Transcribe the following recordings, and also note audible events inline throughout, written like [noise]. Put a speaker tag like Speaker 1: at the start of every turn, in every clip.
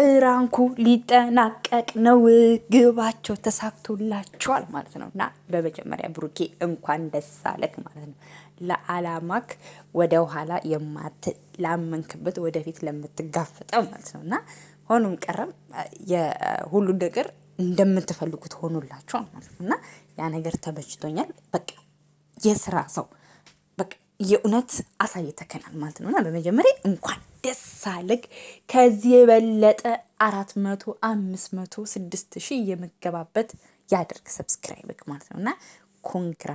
Speaker 1: ፕራንኩ ሊጠናቀቅ ነው። ግባቸው ተሳክቶላቸዋል ማለት ነው። እና በመጀመሪያ ብሩኬ እንኳን ደስ አለክ ማለት ነው። ለአላማክ ወደ ኋላ የማት ላመንክበት ወደፊት ለምትጋፈጠው ማለት ነው። እና ሆኖም ቀረም የሁሉ ነገር እንደምትፈልጉት ሆኖላቸዋል ማለት ነው። እና ያ ነገር ተመችቶኛል። በቃ የስራ ሰው በቃ የእውነት አሳይተከናል ማለት ነው። እና በመጀመሪያ እንኳን ደስ አለግ ከዚህ የበለጠ አራት መቶ አምስት መቶ ስድስት ሺህ የምገባበት ያደርግ ሰብስክራይብግ ማለት ነው እና ኮንግራ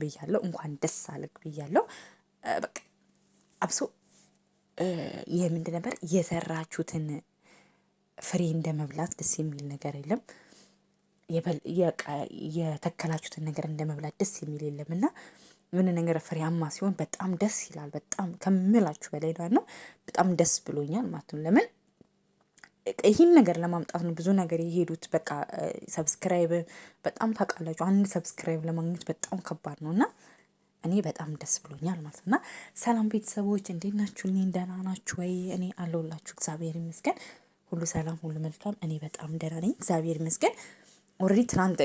Speaker 1: ብያለው፣ እንኳን ደስ አለግ ብያለው። በቃ አብሶ ይህ ነበር የሰራችሁትን ፍሬ እንደ መብላት ደስ የሚል ነገር የለም። የተከላችሁትን ነገር እንደ መብላት ደስ የሚል የለም እና የሆነ ነገር ፍሬያማ ሲሆን በጣም ደስ ይላል። በጣም ከምላችሁ በላይ ነው። በጣም ደስ ብሎኛል ማለት ነው። ለምን ይህን ነገር ለማምጣት ነው ብዙ ነገር የሄዱት። በቃ ሰብስክራይብ በጣም ታውቃላችሁ፣ አንድ ሰብስክራይብ ለማግኘት በጣም ከባድ ነው እና እኔ በጣም ደስ ብሎኛል ማለት እና ሰላም ቤተሰቦች፣ እንዴት ናችሁ? እኔ ደህና ናችሁ ወይ? እኔ አለሁላችሁ፣ እግዚአብሔር ይመስገን። ሁሉ ሰላም፣ ሁሉ መልካም። እኔ በጣም ደህና ነኝ፣ እግዚአብሔር ይመስገን። ኦልሬዲ ትናንት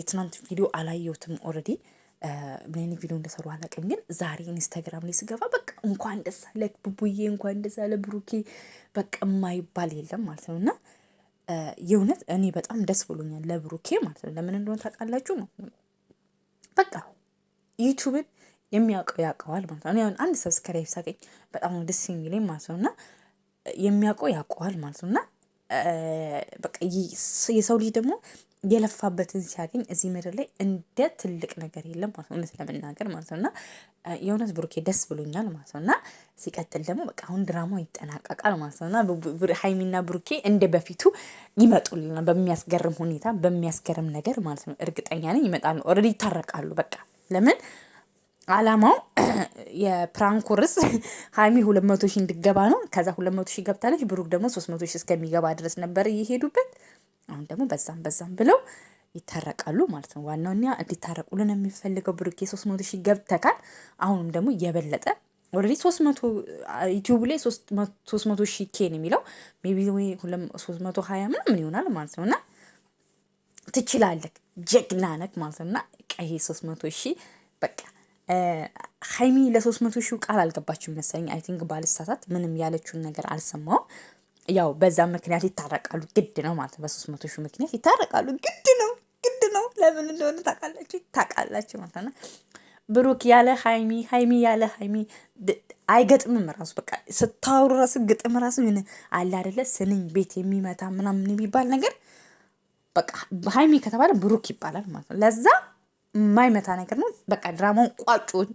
Speaker 1: የትናንት ቪዲዮ አላየሁትም ኦልሬዲ ምን አይነት ቪዲዮ እንደሰሩ አላውቅም፣ ግን ዛሬ ኢንስታግራም ላይ ስገባ በቃ እንኳን ደስ አለ ቡቡዬ፣ እንኳን ደስ አለ ብሩኬ፣ በቃ የማይባል የለም ማለት ነው። እና የእውነት እኔ በጣም ደስ ብሎኛል ለብሩኬ ማለት ነው። ለምን እንደሆነ ታውቃላችሁ ነው በቃ ዩቱብን የሚያውቀው ያውቀዋል ማለት ነው። አሁን አንድ ሰብስክራይብ ሳገኝ በጣም ደስ የሚለኝ ማለት ነው እና የሚያውቀው ያውቀዋል ማለት ነው እና በቃ የሰው ልጅ ደግሞ የለፋበትን ሲያገኝ እዚህ ምድር ላይ እንደ ትልቅ ነገር የለም ማለት ነው። እውነት ለመናገር ማለት ነው እና የእውነት ብሩኬ ደስ ብሎኛል ማለት ነው እና ሲቀጥል ደግሞ በቃ አሁን ድራማው ይጠናቀቃል ማለት ነው እና ሀይሚና ብሩኬ እንደ በፊቱ ይመጡልና በሚያስገርም ሁኔታ በሚያስገርም ነገር ማለት ነው እርግጠኛ ነኝ ይመጣሉ። ኦልሬዲ ይታረቃሉ። በቃ ለምን አላማው [clears throat] የፕራንኩ ርዕስ [clears throat] ሀይሚ ሁለት መቶ ሺህ እንድገባ ነው። ከዛ ሁለት መቶ ሺህ ገብታለች። ብሩክ ደግሞ ሶስት መቶ ሺህ እስከሚገባ ድረስ ነበር እየሄዱበት አሁን ደግሞ በዛም በዛም ብለው ይታረቃሉ ማለት ነው። ዋናው እኒያ እንዲታረቁልን የሚፈልገው ብሩኬ ሶስት መቶ ሺህ ገብተካል። አሁንም ደግሞ የበለጠ ኦልሬዲ ሶስት መቶ ዩቲዩብ ላይ ሶስት መቶ ሺህ ኬን የሚለው ሜቢ ሶስት መቶ ሀያ ምናምን ይሆናል ማለት ነው እና ትችላለህ፣ ጀግና ነህ ማለት ነው እና ቀይ ሶስት መቶ ሺህ በቃ ሀይሚ ለሶስት መቶ ሺህ ቃል አልገባችሁ መሰለኝ። አይ ቲንክ ባልሳሳት ምንም ያለችውን ነገር አልሰማውም። ያው በዛ ምክንያት ይታረቃሉ። ግድ ነው ማለት ነው። በሶስት መቶ ሺህ ምክንያት ይታረቃሉ። ግድ ነው ግድ ነው። ለምን እንደሆነ ታውቃላችሁ ታውቃላችሁ ማለት ነው። ብሩክ ያለ ሀይሚ ሀይሚ ያለ ሀይሚ አይገጥምም። ራሱ በቃ ስታወሩ ራሱ ግጥም ራሱ የሆነ አለ አይደለ ስንኝ ቤት የሚመታ ምናምን የሚባል ነገር በቃ ሀይሚ ከተባለ ብሩክ ይባላል ማለት ነው። ለዛ የማይመታ ነገር ነው። በቃ ድራማውን ቋጩን።